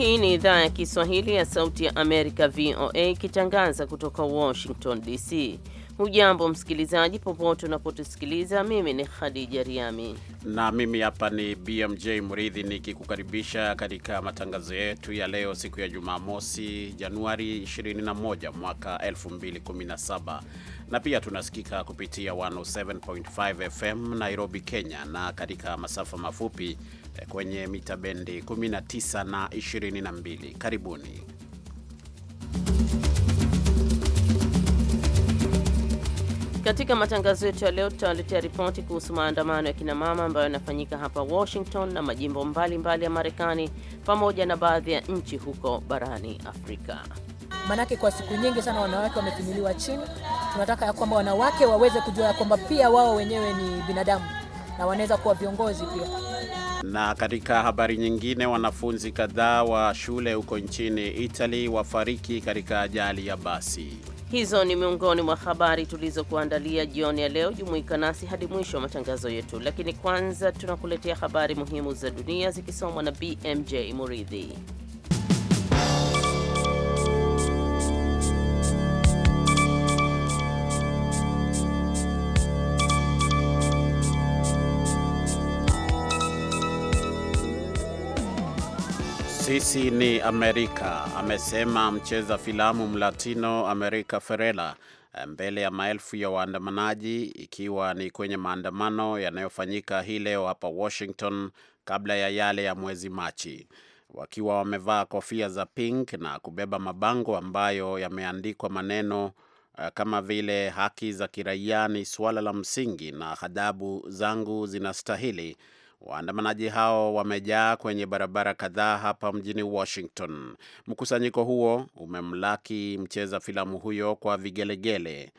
Hii ni idhaa ya Kiswahili ya Sauti ya Amerika, VOA, ikitangaza kutoka Washington DC. Hujambo msikilizaji, popote unapotusikiliza. Mimi ni Khadija Riami na mimi hapa ni BMJ Mridhi nikikukaribisha katika matangazo yetu ya leo, siku ya Jumamosi, Januari 21 mwaka 2017, na pia tunasikika kupitia 107.5 FM Nairobi, Kenya, na katika masafa mafupi kwenye mita bendi 19 na 22. Karibuni. Katika matangazo yetu ya leo tutawaletea ripoti kuhusu maandamano ya kinamama ambayo yanafanyika hapa Washington na majimbo mbalimbali mbali ya Marekani pamoja na baadhi ya nchi huko barani Afrika. Manake kwa siku nyingi sana wanawake wametumiliwa chini. Tunataka ya kwamba wanawake waweze kujua ya kwamba pia wao wenyewe ni binadamu na wanaweza kuwa viongozi pia. Na katika habari nyingine, wanafunzi kadhaa wa shule huko nchini Italy wafariki katika ajali ya basi. Hizo ni miongoni mwa habari tulizokuandalia jioni ya leo. Jumuika nasi hadi mwisho wa matangazo yetu, lakini kwanza tunakuletea habari muhimu za dunia zikisomwa na BMJ Muridhi. sisi ni Amerika, amesema mcheza filamu mlatino amerika ferela eh, mbele ya maelfu ya waandamanaji, ikiwa ni kwenye maandamano yanayofanyika hii leo hapa Washington kabla ya yale ya mwezi Machi, wakiwa wamevaa kofia za pink na kubeba mabango ambayo yameandikwa maneno eh, kama vile haki za kiraia ni suala la msingi na adhabu zangu zinastahili Waandamanaji hao wamejaa kwenye barabara kadhaa hapa mjini Washington. Mkusanyiko huo umemlaki mcheza filamu huyo kwa vigelegele.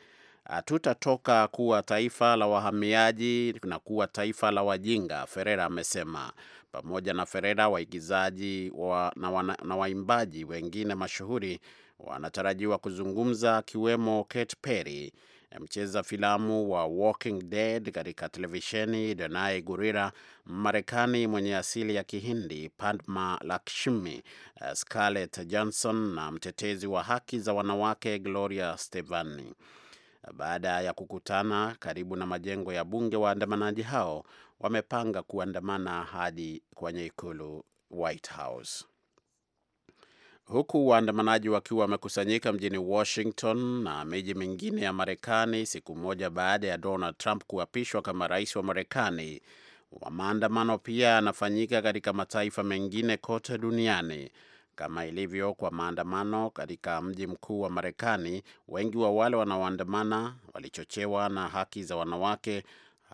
Hatutatoka kuwa taifa la wahamiaji na kuwa taifa la wajinga, Ferera amesema. Pamoja na Ferera, waigizaji wa, na, wana, na waimbaji wengine mashuhuri wanatarajiwa kuzungumza akiwemo Katy Perry mcheza filamu wa Walking Dead katika televisheni Danai Gurira, Marekani mwenye asili ya Kihindi, Padma Lakshmi, eh, Scarlett Johnson na mtetezi wa haki za wanawake Gloria stevani Baada ya kukutana karibu na majengo ya bunge, waandamanaji hao wamepanga kuandamana hadi kwenye ikulu White House huku waandamanaji wakiwa wamekusanyika mjini Washington na miji mingine ya Marekani siku moja baada ya Donald Trump kuapishwa kama rais wa Marekani. Maandamano pia yanafanyika katika mataifa mengine kote duniani. Kama ilivyo kwa maandamano katika mji mkuu wa Marekani, wengi wa wale wanaoandamana walichochewa na haki za wanawake,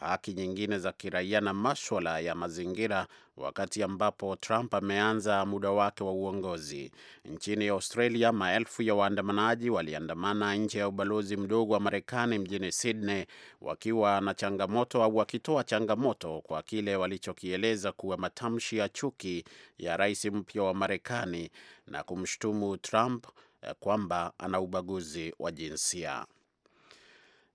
haki nyingine za kiraia na maswala ya mazingira, wakati ambapo Trump ameanza muda wake wa uongozi. Nchini Australia, maelfu ya waandamanaji waliandamana nje ya ubalozi mdogo wa Marekani mjini Sydney, wakiwa na changamoto au wakitoa changamoto kwa kile walichokieleza kuwa matamshi ya chuki ya rais mpya wa Marekani na kumshutumu Trump eh, kwamba ana ubaguzi wa jinsia.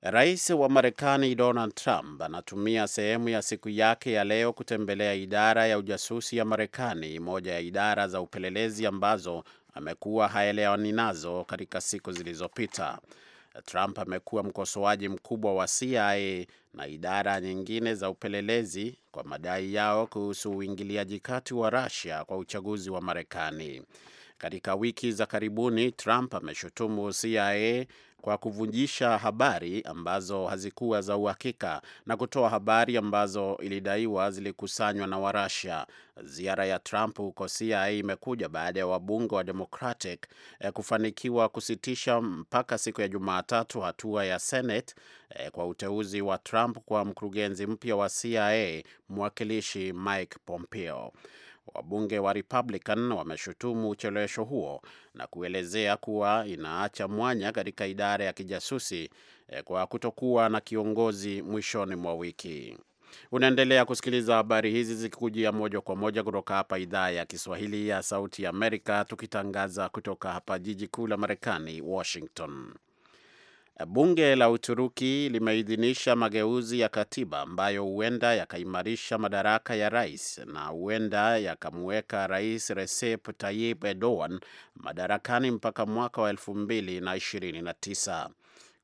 Rais wa Marekani Donald Trump anatumia sehemu ya siku yake ya leo kutembelea idara ya ujasusi ya Marekani, moja ya idara za upelelezi ambazo amekuwa haelewani nazo katika siku zilizopita. Trump amekuwa mkosoaji mkubwa wa CIA na idara nyingine za upelelezi kwa madai yao kuhusu uingiliaji kati wa Russia kwa uchaguzi wa Marekani. Katika wiki za karibuni Trump ameshutumu CIA kwa kuvunjisha habari ambazo hazikuwa za uhakika na kutoa habari ambazo ilidaiwa zilikusanywa na Warusia. Ziara ya Trump huko CIA imekuja baada ya wabunge wa Democratic eh, kufanikiwa kusitisha mpaka siku ya Jumatatu hatua ya Senate eh, kwa uteuzi wa Trump kwa mkurugenzi mpya wa CIA, mwakilishi Mike Pompeo. Wabunge wa Republican wameshutumu uchelewesho huo na kuelezea kuwa inaacha mwanya katika idara ya kijasusi eh, kwa kutokuwa na kiongozi mwishoni mwa wiki. Unaendelea kusikiliza habari hizi zikikujia moja kwa moja kutoka hapa idhaa ya Kiswahili ya Sauti ya Amerika, tukitangaza kutoka hapa jiji kuu la Marekani, Washington. Bunge la Uturuki limeidhinisha mageuzi ya katiba ambayo huenda yakaimarisha madaraka ya rais na huenda yakamuweka rais Recep Tayyip Erdogan madarakani mpaka mwaka wa 229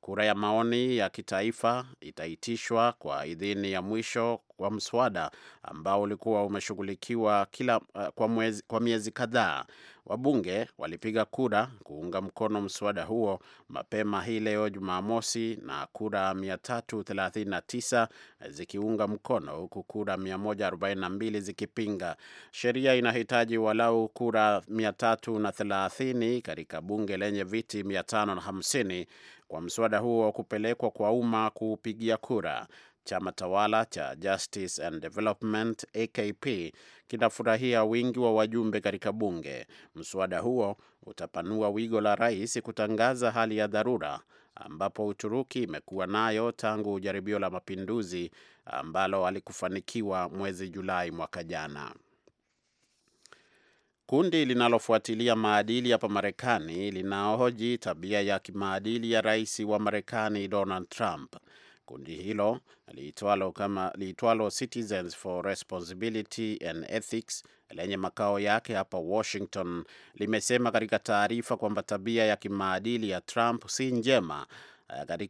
Kura ya maoni ya kitaifa itaitishwa kwa idhini ya mwisho wa mswada ambao ulikuwa umeshughulikiwa kila eh, kwa, mwezi, kwa miezi kadhaa. Wabunge walipiga kura kuunga mkono mswada huo mapema hii leo Jumamosi, na kura 339 zikiunga mkono huku kura 142 zikipinga. Sheria inahitaji walau kura 330 katika bunge lenye viti 550 kwa mswada huo kupelekwa kwa umma kupigia kura. Chama tawala cha Justice and Development AKP kinafurahia wingi wa wajumbe katika bunge. Mswada huo utapanua wigo la rais kutangaza hali ya dharura ambapo Uturuki imekuwa nayo tangu jaribio la mapinduzi ambalo alikufanikiwa mwezi Julai mwaka jana. Kundi linalofuatilia maadili hapa Marekani linaohoji tabia ya kimaadili ya rais wa Marekani Donald Trump. Kundi hilo liitwalo kama liitwalo Citizens for Responsibility and Ethics lenye makao yake hapa Washington limesema katika taarifa kwamba tabia ya kimaadili ya Trump si njema eh,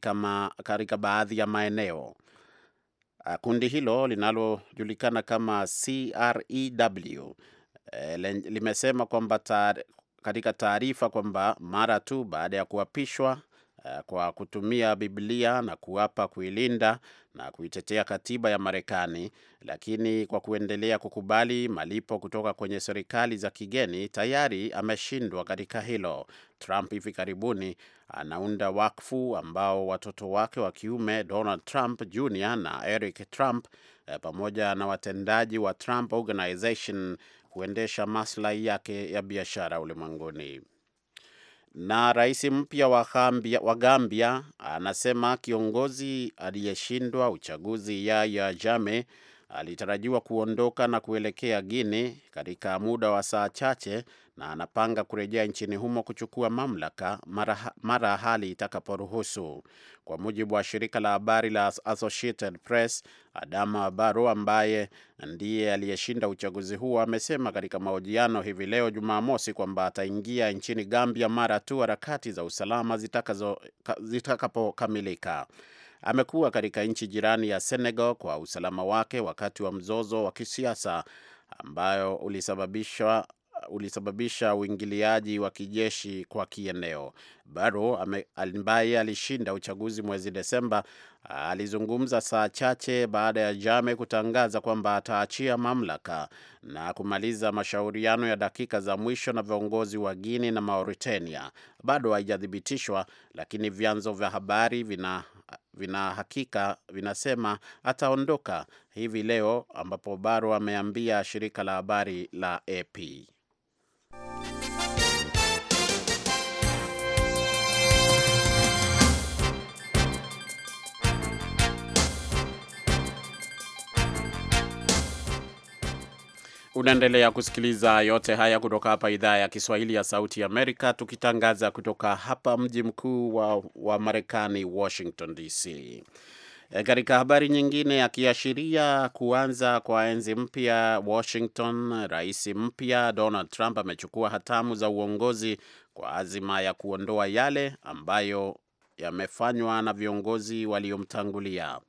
katika baadhi ya maeneo. Ah, kundi hilo linalojulikana kama CREW e, eh, limesema kwamba katika taarifa kwamba mara tu baada ya kuapishwa Eh, kwa kutumia Biblia na kuapa kuilinda na kuitetea katiba ya Marekani, lakini kwa kuendelea kukubali malipo kutoka kwenye serikali za kigeni tayari ameshindwa katika hilo. Trump hivi karibuni anaunda wakfu ambao watoto wake wa kiume Donald Trump Jr na Eric Trump eh, pamoja na watendaji wa Trump Organization kuendesha maslahi yake ya biashara ulimwenguni. Na rais mpya wa Gambia anasema kiongozi aliyeshindwa uchaguzi Yahya Jammeh alitarajiwa kuondoka na kuelekea Guini katika muda wa saa chache na anapanga kurejea nchini humo kuchukua mamlaka mara, mara hali itakaporuhusu. Kwa mujibu wa shirika la habari la Associated Press, Adama Barrow ambaye ndiye aliyeshinda uchaguzi huo amesema katika mahojiano hivi leo Jumamosi kwamba ataingia nchini Gambia mara tu harakati za usalama zitakapokamilika amekuwa katika nchi jirani ya Senegal kwa usalama wake wakati wa mzozo wa kisiasa ambayo ulisababisha ulisababisha uingiliaji wa kijeshi kwa kieneo. Baro ambaye alishinda uchaguzi mwezi Desemba alizungumza saa chache baada ya Jame kutangaza kwamba ataachia mamlaka na kumaliza mashauriano ya dakika za mwisho na viongozi wa Guinea na Mauritania. Bado haijathibitishwa, lakini vyanzo vya habari vina vina hakika vinasema ataondoka hivi leo, ambapo Barrow ameambia shirika la habari la AP. Unaendelea kusikiliza yote haya kutoka hapa idhaa ya Kiswahili ya Sauti ya Amerika, tukitangaza kutoka hapa mji mkuu wa, wa Marekani, Washington DC. E, katika habari nyingine, akiashiria kuanza kwa enzi mpya Washington, rais mpya Donald Trump amechukua hatamu za uongozi kwa azima ya kuondoa yale ambayo yamefanywa na viongozi waliomtangulia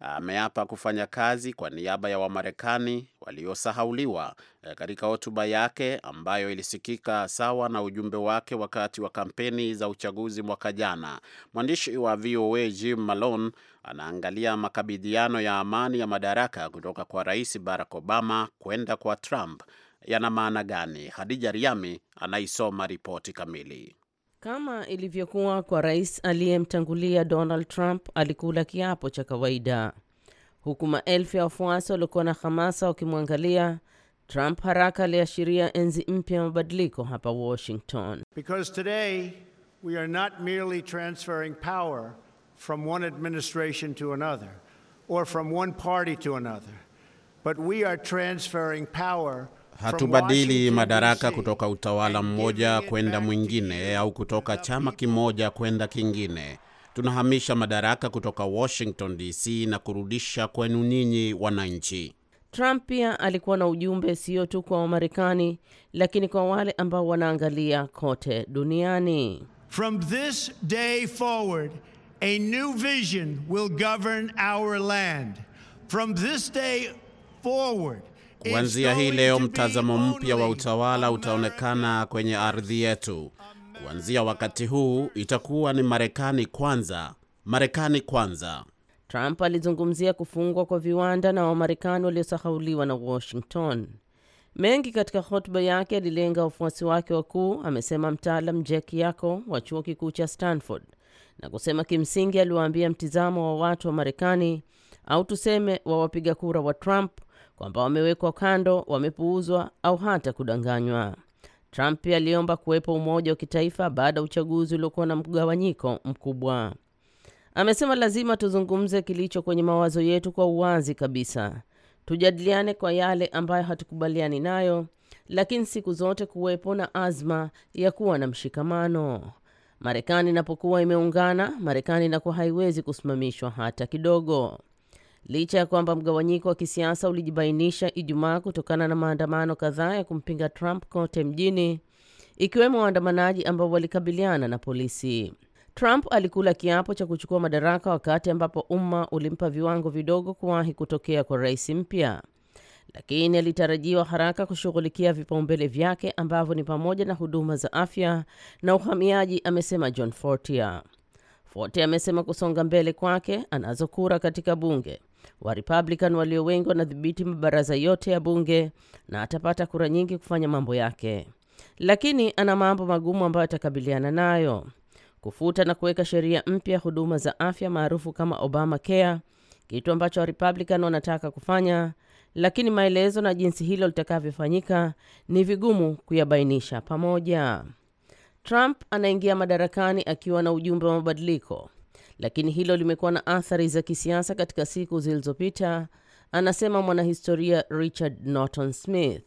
ameapa kufanya kazi kwa niaba ya Wamarekani waliosahauliwa eh, katika hotuba yake ambayo ilisikika sawa na ujumbe wake wakati wa kampeni za uchaguzi mwaka jana. Mwandishi wa VOA Jim Malone anaangalia makabidhiano ya amani ya madaraka kutoka kwa Rais Barack Obama kwenda kwa Trump yana maana gani? Hadija Riami anaisoma ripoti kamili. Kama ilivyokuwa kwa rais aliyemtangulia Donald Trump, alikula kiapo cha kawaida, huku maelfu ya wafuasi waliokuwa na hamasa wakimwangalia. Trump haraka aliashiria enzi mpya ya mabadiliko hapa Washington. Because today we are not merely transferring power from one administration to another or from one party to another, but we are transferring power Hatubadili madaraka kutoka utawala mmoja kwenda mwingine au kutoka chama kimoja kwenda kingine. Tunahamisha madaraka kutoka Washington DC na kurudisha kwenu nyinyi wananchi. Trump pia alikuwa na ujumbe sio tu kwa Wamarekani, lakini kwa wale ambao wanaangalia kote duniani. From this day forward, a new vision will govern our land. From this day forward Kuanzia hii leo, mtazamo mpya wa utawala utaonekana kwenye ardhi yetu. Kuanzia wakati huu itakuwa ni Marekani kwanza, Marekani kwanza. Trump alizungumzia kufungwa kwa viwanda na Wamarekani waliosahauliwa na Washington. Mengi katika hotuba yake alilenga wafuasi wake wakuu, amesema mtaalam Jack Yako wa chuo kikuu cha Stanford, na kusema kimsingi aliwaambia mtizamo wa watu wa Marekani au tuseme wa wapiga kura wa Trump kwamba wamewekwa kando, wamepuuzwa au hata kudanganywa. Trump pia aliomba kuwepo umoja wa kitaifa baada ya uchaguzi uliokuwa na mgawanyiko mkubwa. Amesema lazima tuzungumze kilicho kwenye mawazo yetu kwa uwazi kabisa, tujadiliane kwa yale ambayo hatukubaliani nayo, lakini siku zote kuwepo na azma ya kuwa na mshikamano. Marekani inapokuwa imeungana, Marekani inakuwa haiwezi kusimamishwa hata kidogo licha ya kwamba mgawanyiko wa kisiasa ulijibainisha Ijumaa kutokana na maandamano kadhaa ya kumpinga Trump kote mjini, ikiwemo waandamanaji ambao walikabiliana na polisi. Trump alikula kiapo cha kuchukua madaraka wakati ambapo umma ulimpa viwango vidogo kuwahi kutokea kwa rais mpya, lakini alitarajiwa haraka kushughulikia vipaumbele vyake ambavyo ni pamoja na huduma za afya na uhamiaji, amesema John Fortier. Fortier amesema kusonga mbele kwake anazo kura katika bunge Warepublican walio wengi wanadhibiti mabaraza yote ya bunge na atapata kura nyingi kufanya mambo yake, lakini ana mambo magumu ambayo atakabiliana nayo: kufuta na kuweka sheria mpya huduma za afya maarufu kama Obamacare, kitu ambacho Warepublican wanataka kufanya, lakini maelezo na jinsi hilo litakavyofanyika ni vigumu kuyabainisha pamoja. Trump anaingia madarakani akiwa na ujumbe wa mabadiliko lakini hilo limekuwa na athari za kisiasa katika siku zilizopita, anasema mwanahistoria Richard Norton Smith.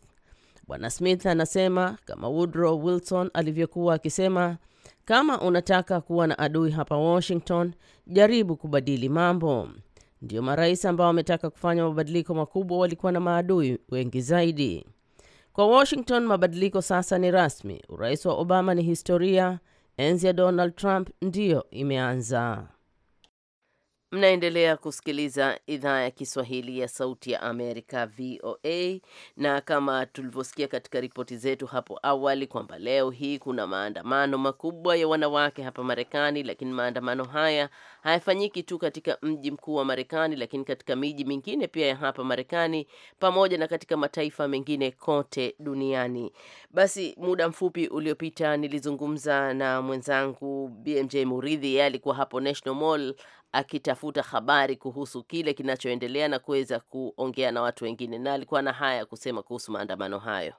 Bwana Smith anasema kama Woodrow Wilson alivyokuwa akisema, kama unataka kuwa na adui hapa Washington, jaribu kubadili mambo. Ndio marais ambao wametaka kufanya mabadiliko makubwa walikuwa na maadui wengi zaidi. Kwa Washington, mabadiliko sasa ni rasmi. Urais wa Obama ni historia. Enzi ya Donald Trump ndiyo imeanza. Mnaendelea kusikiliza idhaa ya Kiswahili ya Sauti ya Amerika, VOA, na kama tulivyosikia katika ripoti zetu hapo awali kwamba leo hii kuna maandamano makubwa ya wanawake hapa Marekani, lakini maandamano haya hayafanyiki tu katika mji mkuu wa Marekani, lakini katika miji mingine pia ya hapa Marekani pamoja na katika mataifa mengine kote duniani. Basi muda mfupi uliopita nilizungumza na mwenzangu BMJ Muridhi, yeye alikuwa hapo National Mall akitafuta habari kuhusu kile kinachoendelea na kuweza kuongea na watu wengine, na alikuwa na haya ya kusema kuhusu maandamano hayo.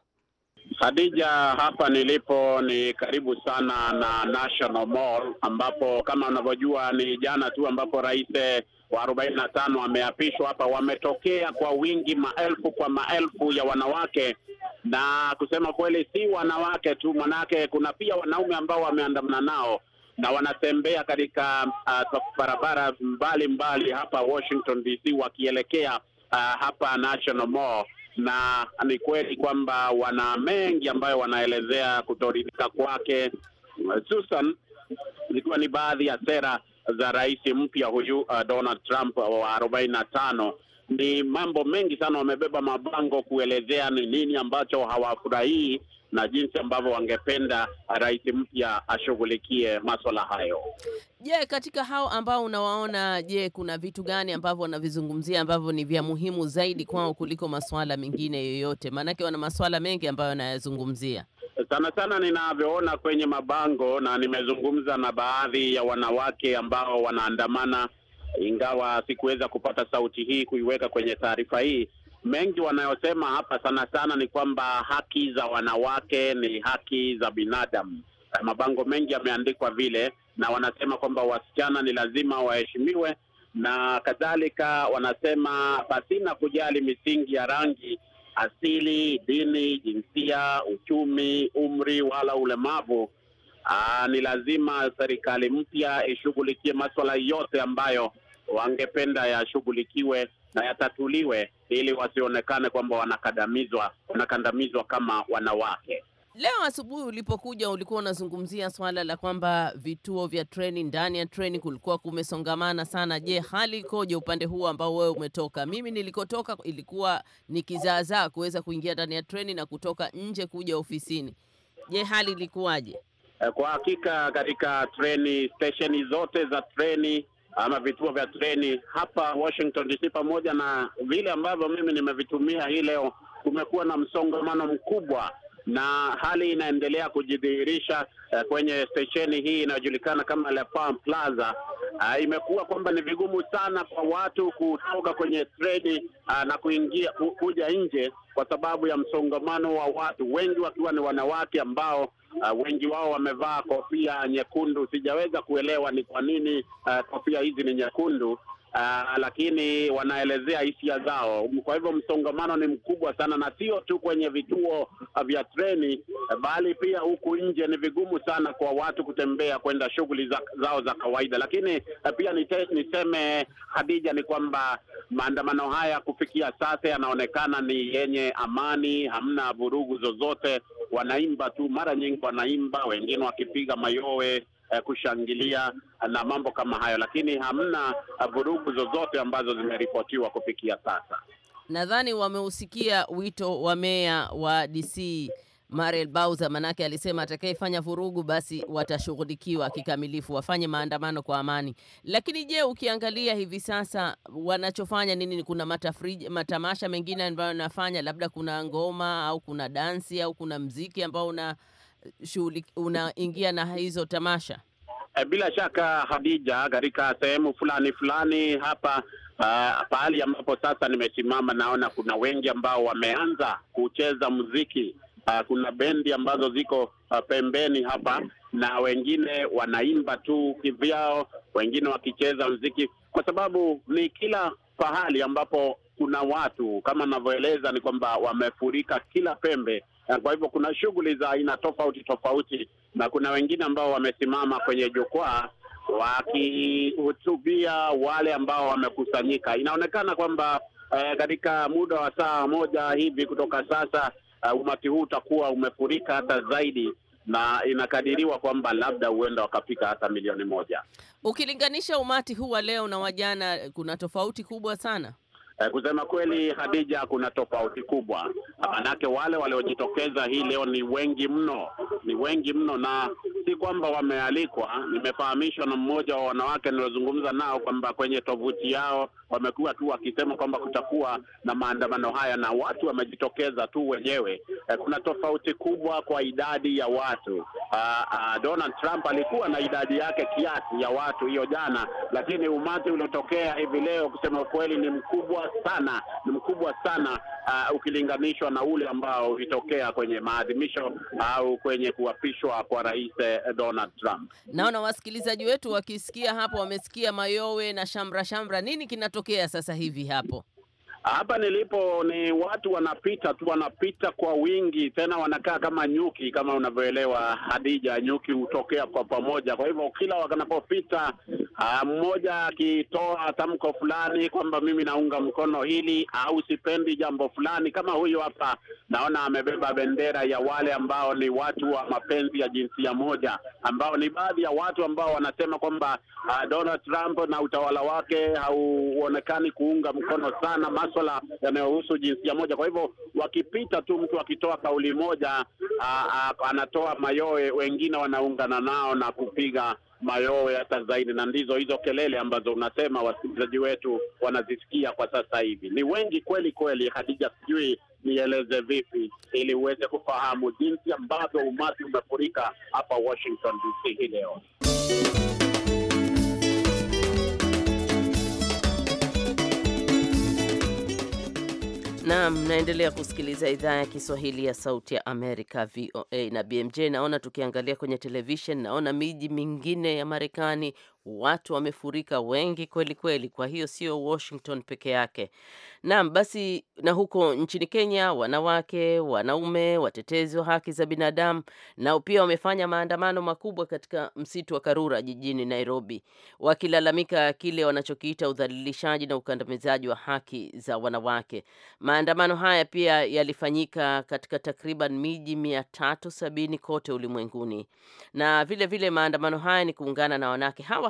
hadija hapa nilipo ni karibu sana na National Mall, ambapo kama unavyojua ni jana tu ambapo rais eh, wa arobaini na tano ameapishwa hapa. Wametokea kwa wingi, maelfu kwa maelfu ya wanawake, na kusema kweli si wanawake tu, manake kuna pia wanaume ambao wameandamana nao na wanatembea katika uh, barabara mbalimbali mbali hapa Washington DC wakielekea uh, hapa National Mall na ni kweli kwamba wana mengi ambayo wanaelezea kutoridhika kwake, hususan zikiwa ni baadhi ya sera za rais mpya huyu uh, Donald Trump wa arobaini na tano. Ni mambo mengi sana, wamebeba mabango kuelezea ni nini ambacho hawafurahii na jinsi ambavyo wangependa rais mpya ashughulikie maswala hayo. Je, yeah, katika hao ambao unawaona, je, yeah, kuna vitu gani ambavyo wanavizungumzia ambavyo ni vya muhimu zaidi kwao kuliko masuala mengine yoyote? Maanake wana maswala mengi ambayo wanayazungumzia sana sana ninavyoona kwenye mabango, na nimezungumza na baadhi ya wanawake ambao wanaandamana, ingawa sikuweza kupata sauti hii kuiweka kwenye taarifa hii, mengi wanayosema hapa sana sana ni kwamba haki za wanawake ni haki za binadamu. Mabango mengi yameandikwa vile, na wanasema kwamba wasichana ni lazima waheshimiwe na kadhalika. Wanasema pasina kujali misingi ya rangi, asili, dini, jinsia, uchumi, umri wala ulemavu. Aa, ni lazima serikali mpya ishughulikie maswala yote ambayo wangependa yashughulikiwe na yatatuliwe ili wasionekane kwamba wanakandamizwa, wanakandamizwa kama wanawake. Leo asubuhi ulipokuja ulikuwa unazungumzia swala la kwamba vituo vya treni, ndani ya treni kulikuwa kumesongamana sana. Je, hali ikoje upande huu ambao wewe umetoka? Mimi nilikotoka ilikuwa ni kizaazaa kuweza kuingia ndani ya treni na kutoka nje kuja ofisini. Je, hali ilikuwaje? Eh, kwa hakika katika treni stesheni zote za treni ama vituo vya treni hapa Washington DC, pamoja na vile ambavyo mimi nimevitumia hii leo, kumekuwa na msongamano mkubwa na hali inaendelea kujidhihirisha uh, kwenye stesheni hii inayojulikana kama La Palm Plaza. Uh, imekuwa kwamba ni vigumu sana kwa watu kutoka kwenye treni uh, na kuingia kuja nje kwa sababu ya msongamano wa watu wengi, wakiwa ni wanawake ambao uh, wengi wao wamevaa kofia nyekundu. Sijaweza kuelewa ni kwa nini uh, kofia hizi ni nyekundu, Uh, lakini wanaelezea hisia zao. Kwa hivyo msongamano ni mkubwa sana, na sio tu kwenye vituo vya treni, bali pia huku nje ni vigumu sana kwa watu kutembea kwenda shughuli za, zao za kawaida. Lakini pia nite, niseme Hadija, ni kwamba maandamano haya kufikia sasa yanaonekana ni yenye amani, hamna vurugu zozote. Wanaimba tu, mara nyingi wanaimba, wengine wakipiga mayowe eh, kushangilia na mambo kama hayo, lakini hamna eh, vurugu zozote ambazo zimeripotiwa kufikia sasa. Nadhani wameusikia wito wa meya wa DC Mariel Bauza, manake alisema atakayefanya vurugu basi watashughulikiwa kikamilifu, wafanye maandamano kwa amani. Lakini je, ukiangalia hivi sasa wanachofanya nini? Kuna matafriji, matamasha mengine ambayo wanafanya, labda kuna ngoma au kuna dansi au kuna mziki ambao una shughuli unaingia na hizo tamasha? Eh, bila shaka Hadija, katika sehemu fulani fulani hapa uh, pahali ambapo sasa nimesimama, naona kuna wengi ambao wameanza kucheza muziki uh, kuna bendi ambazo ziko uh, pembeni hapa na wengine wanaimba tu kivyao, wengine wakicheza mziki kwa sababu ni kila pahali ambapo kuna watu kama anavyoeleza ni kwamba wamefurika kila pembe Eh, kwa hivyo kuna shughuli za aina tofauti tofauti, na kuna wengine ambao wamesimama kwenye jukwaa wakihutubia wale ambao wamekusanyika. Inaonekana kwamba eh, katika muda wa saa moja hivi kutoka sasa uh, umati huu utakuwa umefurika hata zaidi na inakadiriwa kwamba labda huenda wakafika hata milioni moja. Ukilinganisha umati huu wa leo na wajana kuna tofauti kubwa sana. Eh, kusema kweli, Hadija, kuna tofauti kubwa, maanake wale waliojitokeza hii leo ni wengi mno, ni wengi mno, na si kwamba wamealikwa. Nimefahamishwa na mmoja wa wanawake niliozungumza nao kwamba kwenye tovuti yao wamekuwa tu wakisema kwamba kutakuwa na maandamano haya na watu wamejitokeza tu wenyewe. Eh, kuna tofauti kubwa kwa idadi ya watu. Ah, ah, Donald Trump alikuwa na idadi yake kiasi ya watu hiyo jana, lakini umati uliotokea hivi leo kusema ukweli ni mkubwa sana, ni mkubwa sana ah, ukilinganishwa na ule ambao ulitokea kwenye maadhimisho au kwenye kuapishwa kwa rais eh, Eh, Donald Trump. Naona wasikilizaji wetu wakisikia hapo, wamesikia mayowe na shamra shamra. Nini kinatokea sasa hivi hapo? Hapa nilipo ni watu wanapita tu, wanapita kwa wingi, tena wanakaa kama nyuki. Kama unavyoelewa Hadija, nyuki hutokea kwa pamoja. Kwa hivyo kila wanapopita ah, mmoja akitoa tamko fulani kwamba mimi naunga mkono hili au sipendi jambo fulani, kama huyu hapa, naona amebeba bendera ya wale ambao ni watu wa mapenzi ya jinsia moja, ambao ni baadhi ya watu ambao wanasema kwamba ah, Donald Trump na utawala wake hauonekani kuunga mkono sana maswala yanayohusu jinsia moja. Kwa hivyo wakipita tu mtu akitoa kauli moja a, a, anatoa mayowe, wengine wanaungana nao na kupiga mayowe hata zaidi, na ndizo hizo kelele ambazo unasema wasikilizaji wetu wanazisikia kwa sasa hivi. Ni wengi kweli kweli, Hadija, sijui nieleze vipi ili uweze kufahamu jinsi ambavyo umati umefurika hapa Washington DC hii leo. Naam, mnaendelea kusikiliza idhaa ya Kiswahili ya Sauti ya Amerika, VOA na BMJ. Naona tukiangalia kwenye televishen, naona miji mingine ya Marekani watu wamefurika wengi kweli kweli. Kwa hiyo sio Washington peke yake. Naam, basi na huko nchini Kenya, wanawake, wanaume, watetezi wa haki za binadamu nao pia wamefanya maandamano makubwa katika msitu wa Karura jijini Nairobi, wakilalamika kile wanachokiita udhalilishaji na ukandamizaji wa haki za wanawake. Maandamano haya pia yalifanyika katika takriban miji mia tatu sabini kote ulimwenguni, na vilevile vile maandamano haya ni kuungana na wanawake hawa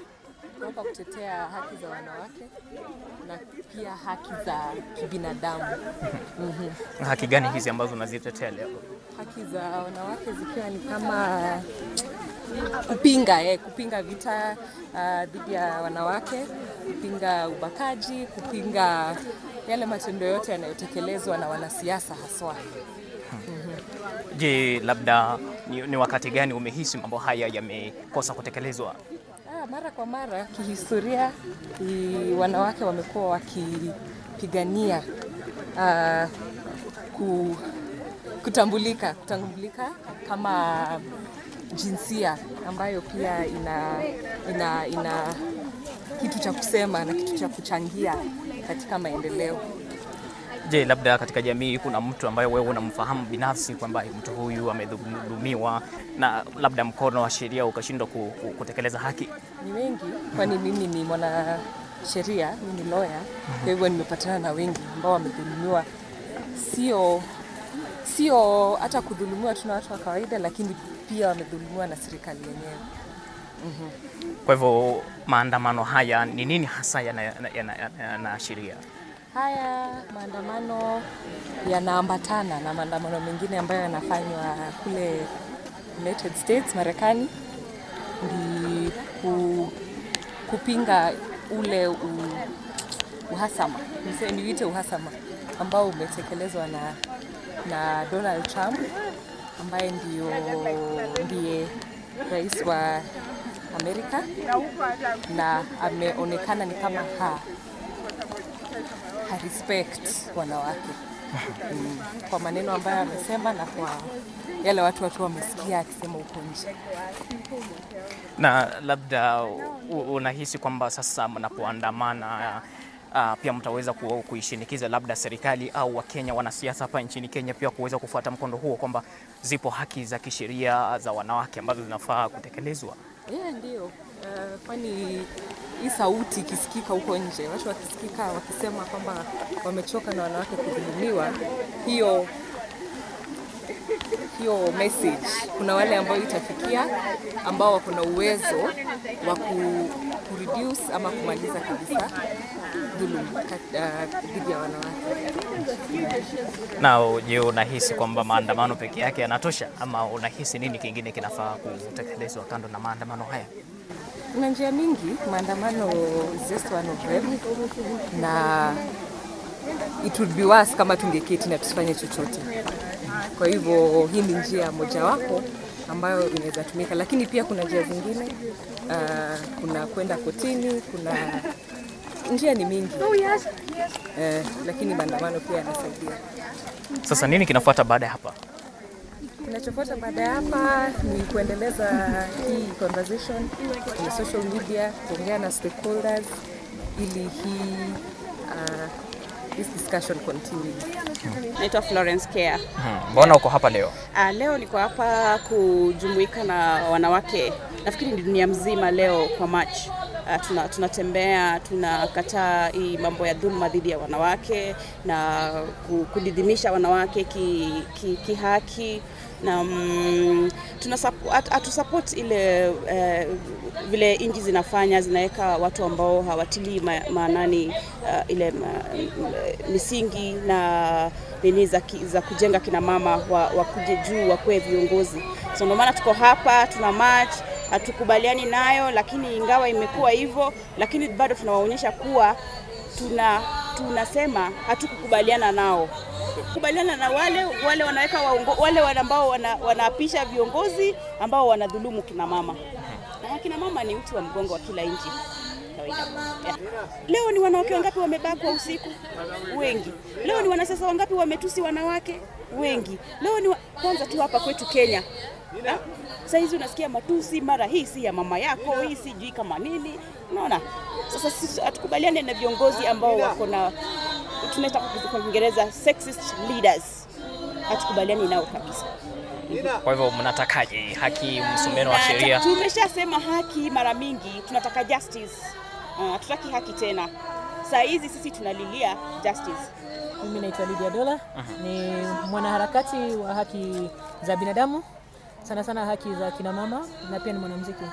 kwa kutetea haki za wanawake na pia haki za kibinadamu. mm -hmm. Haki gani hizi ambazo unazitetea leo? Haki za wanawake zikiwa ni kama kupinga eh, kupinga vita ah, dhidi uh, ya wanawake, kupinga ubakaji, kupinga yale matendo yote yanayotekelezwa na wanasiasa haswa. Je, labda ni, ni wakati gani umehisi mambo haya yamekosa kutekelezwa? Mara kwa mara kihistoria, wanawake wamekuwa wakipigania uh, ku, kutambulika kutambulika kama jinsia ambayo pia ina, ina, ina kitu cha kusema na kitu cha kuchangia katika maendeleo. Je, labda katika jamii kuna mtu ambaye wewe unamfahamu binafsi kwamba mtu huyu amedhulumiwa na labda mkono wa sheria ukashindwa ku, ku, kutekeleza haki? Ni wengi, kwani mimi ni mwana sheria, mimi ni lawyer. Kwa hivyo nimepatana na wengi ambao wamedhulumiwa, sio sio hata kudhulumiwa tuna watu wa kawaida, lakini pia wamedhulumiwa na serikali yenyewe. Mm-hmm. Kwa hivyo maandamano haya ni nini hasa yanaashiria? Yana, yana, yana, yana Haya maandamano yanaambatana na maandamano mengine ambayo yanafanywa kule United States, Marekani, ni kupinga ule u, uhasama niwite uhasama ambao umetekelezwa na, na Donald Trump ambaye ndio ndiye rais wa Amerika na ameonekana ni kama ha harespect wanawake mm. Kwa maneno ambayo amesema na kwa yale watu watu wamesikia akisema huko nje. Na labda unahisi kwamba sasa mnapoandamana Uh, pia mtaweza kuishinikiza labda serikali au Wakenya wanasiasa hapa nchini Kenya pia kuweza kufuata mkondo huo kwamba zipo haki za kisheria za wanawake ambazo zinafaa kutekelezwa. Yeah, ndio. Eh, kwani hii sauti ikisikika huko nje, watu wakisikika wakisema kwamba wamechoka na wanawake kudhulumiwa, hiyo hiyo message, kuna wale ambao itafikia ambao wako na uwezo wa reduce ama kumaliza kabisa dhuluma eh, dhidi ya wanawake. Na je, unahisi kwamba maandamano peke yake yanatosha ama unahisi nini kingine kinafaa kutekelezwa kando na maandamano haya? Kuna njia mingi maandamano just wa of na it would be worse kama tungeketi na tusifanye chochote. Kwa hivyo hii ni njia mojawapo ambayo inaweza tumika, lakini pia kuna njia zingine uh, kuna kwenda kotini, kuna njia ni mingi uh, lakini maandamano pia yanasaidia. Sasa nini kinafuata baada ya hapa? Kinachofuata baada ya hapa ni kuendeleza hii conversation kwenye social media, kuongea na stakeholders ili hii uh, this discussion continue. Naitwa Florence Care. Hmm, mbona hmm. uko hapa leo? Uh, leo niko hapa kujumuika na wanawake, nafikiri ni dunia mzima leo kwa March ah, Tuna, tunatembea tunakataa hii mambo ya dhuluma dhidi ya wanawake na kudidimisha wanawake kihaki ki, ki na mm, hatusupport at, ile uh, vile nchi zinafanya zinaweka watu ambao hawatilii ma, maanani uh, ile ma, misingi na nini za, za kujenga kina mama wa, wakuje juu wakuwe viongozi. So ndio maana tuko hapa tuna march hatukubaliani nayo, lakini ingawa imekuwa hivyo, lakini bado tunawaonyesha kuwa tuna tunasema hatukukubaliana nao kubaliana na wale wale wanaweka waongo, wale ambao wana, wanaapisha viongozi ambao wanadhulumu kina mama, na kina mama ni uti wa mgongo wa kila nchi. Leo ni wanawake wangapi wamebakwa usiku? Wengi. Leo ni wanasiasa wangapi wametusi wanawake? Wengi. Leo ni wa... kwanza tu hapa kwetu Kenya Sasa ah, Sahizi unasikia matusi, mara hii si ya mama yako, hii sijui kama nini. Unaona, sasa sisi hatukubaliane na viongozi ambao wako na tunaita kwa Kiingereza sexist leaders, hatukubaliani nao kabisa. Kwa hivyo mnatakaje haki, msumeno wa sheria? Tumeshasema haki mara mingi, tunataka justice. Ah, hatutaki uh, haki tena. Saa hizi sisi tunalilia justice. Mimi naitwa Lydia Dola. uh -huh. Ni mwanaharakati wa haki za binadamu, sana sana haki za kina mama na pia ni mwanamuziki.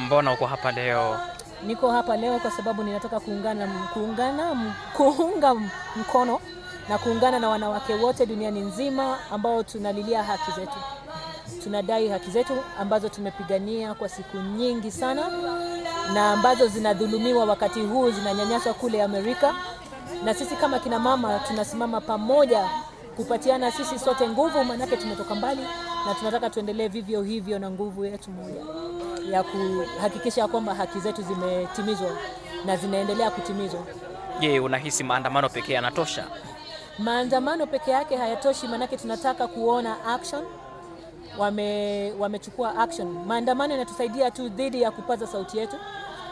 Mbona uko hapa leo? Niko hapa leo kwa sababu ninataka kuungana, kuungana, kuunga mkono na kuungana na wanawake wote duniani nzima ambao tunalilia haki zetu, tunadai haki zetu ambazo tumepigania kwa siku nyingi sana na ambazo zinadhulumiwa wakati huu, zinanyanyaswa kule Amerika, na sisi kama kina mama tunasimama pamoja kupatiana sisi sote nguvu, maanake tumetoka mbali na tunataka tuendelee vivyo hivyo na nguvu yetu moja ya kuhakikisha kwamba haki zetu zimetimizwa na zinaendelea kutimizwa. Je, unahisi maandamano pekee yanatosha? Maandamano peke yake hayatoshi, maanake tunataka kuona action. Wame wamechukua action. Maandamano yanatusaidia tu dhidi ya kupaza sauti yetu,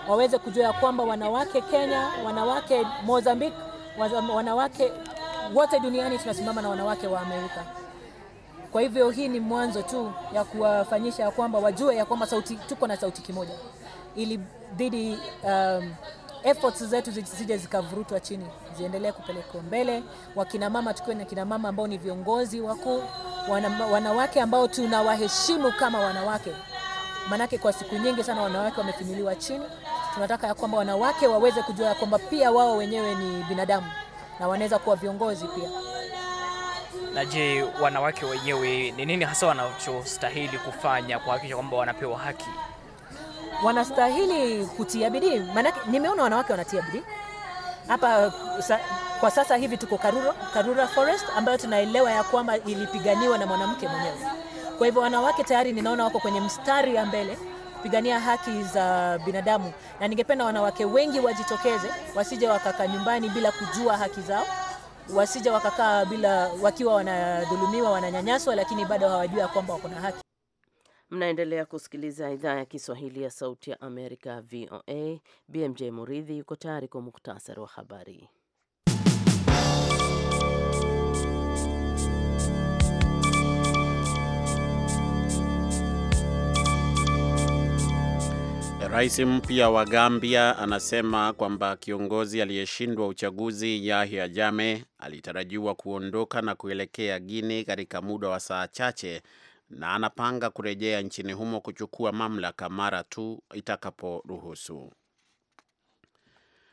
waweze kujua ya kwamba wanawake Kenya, wanawake Mozambique, wanawake wote duniani tunasimama na wanawake wa Amerika. Kwa hivyo hii ni mwanzo tu ya kuwafanyisha ya kwamba wajue ya kwamba sauti, tuko na sauti kimoja, ili dhidi um, efforts zetu zisije zikavurutwa chini, ziendelee kupelekwa mbele. Wakinamama tukiwe na kinamama ambao ni viongozi wakuu, wanawake ambao tunawaheshimu kama wanawake, manake kwa siku nyingi sana wanawake wamefinyiliwa chini. Tunataka ya kwamba wanawake waweze kujua ya kwamba pia wao wenyewe ni binadamu na wanaweza kuwa viongozi pia. Na je, wanawake wenyewe ni nini hasa wanachostahili kufanya kuhakikisha kwamba wanapewa haki? Wanastahili kutia bidii, maanake nimeona wanawake wanatia bidii hapa sa, kwa sasa hivi tuko Karura, Karura Forest ambayo tunaelewa ya kwamba ilipiganiwa na mwanamke mwenyewe. Kwa hivyo wanawake tayari ninaona wako kwenye mstari ya mbele kupigania haki za binadamu, na ningependa wanawake wengi wajitokeze, wasije wakakaa nyumbani bila kujua haki zao, wasije wakakaa bila wakiwa wanadhulumiwa, wananyanyaswa, lakini bado hawajua kwamba wako na haki. Mnaendelea kusikiliza idhaa ya Kiswahili ya Sauti ya Amerika, VOA. BMJ Muridhi yuko tayari kwa muktasari wa habari. Rais mpya wa Gambia anasema kwamba kiongozi aliyeshindwa uchaguzi Yahya Jammeh alitarajiwa kuondoka na kuelekea Guinea katika muda wa saa chache na anapanga kurejea nchini humo kuchukua mamlaka mara tu itakaporuhusu.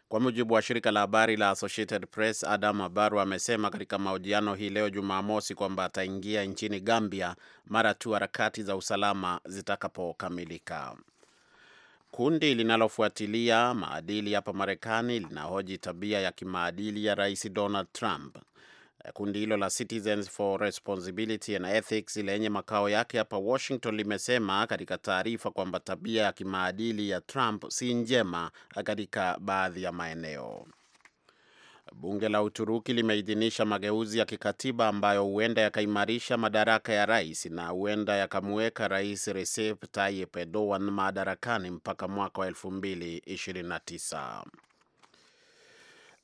Kwa mujibu wa shirika la habari la Associated Press, Adam Abaru amesema katika mahojiano hii leo Jumamosi kwamba ataingia nchini Gambia mara tu harakati za usalama zitakapokamilika. Kundi linalofuatilia maadili hapa Marekani linahoji tabia ya kimaadili ya Rais Donald Trump. Kundi hilo la Citizens for Responsibility and Ethics lenye makao yake hapa Washington limesema katika taarifa kwamba tabia ya kimaadili ya Trump si njema katika baadhi ya maeneo bunge la Uturuki limeidhinisha mageuzi ya kikatiba ambayo huenda yakaimarisha madaraka ya rais na huenda yakamuweka rais Recep Tayyip Erdogan madarakani mpaka mwaka wa 2029.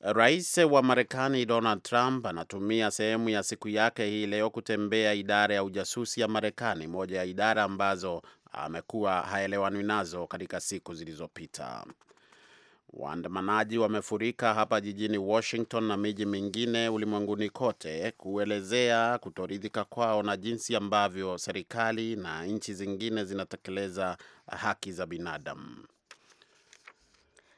Rais wa Marekani Donald Trump anatumia sehemu ya siku yake hii leo kutembea idara ya ujasusi ya Marekani, moja ya idara ambazo amekuwa haelewanwi nazo katika siku zilizopita. Waandamanaji wamefurika hapa jijini Washington na miji mingine ulimwenguni kote kuelezea kutoridhika kwao na jinsi ambavyo serikali na nchi zingine zinatekeleza haki za binadamu.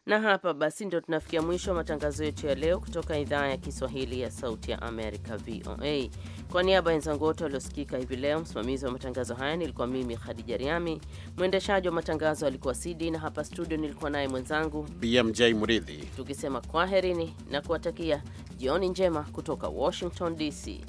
Na hapa basi ndio tunafikia mwisho wa matangazo yetu ya leo kutoka idhaa ya Kiswahili ya Sauti ya Amerika, VOA. Kwa niaba ya wenzangu wote waliosikika hivi leo, msimamizi wa matangazo haya nilikuwa mimi Khadija Riami, mwendeshaji wa matangazo alikuwa Sidi, na hapa studio nilikuwa naye mwenzangu BMJ Muridhi, tukisema kwaherini na kuwatakia jioni njema kutoka Washington DC.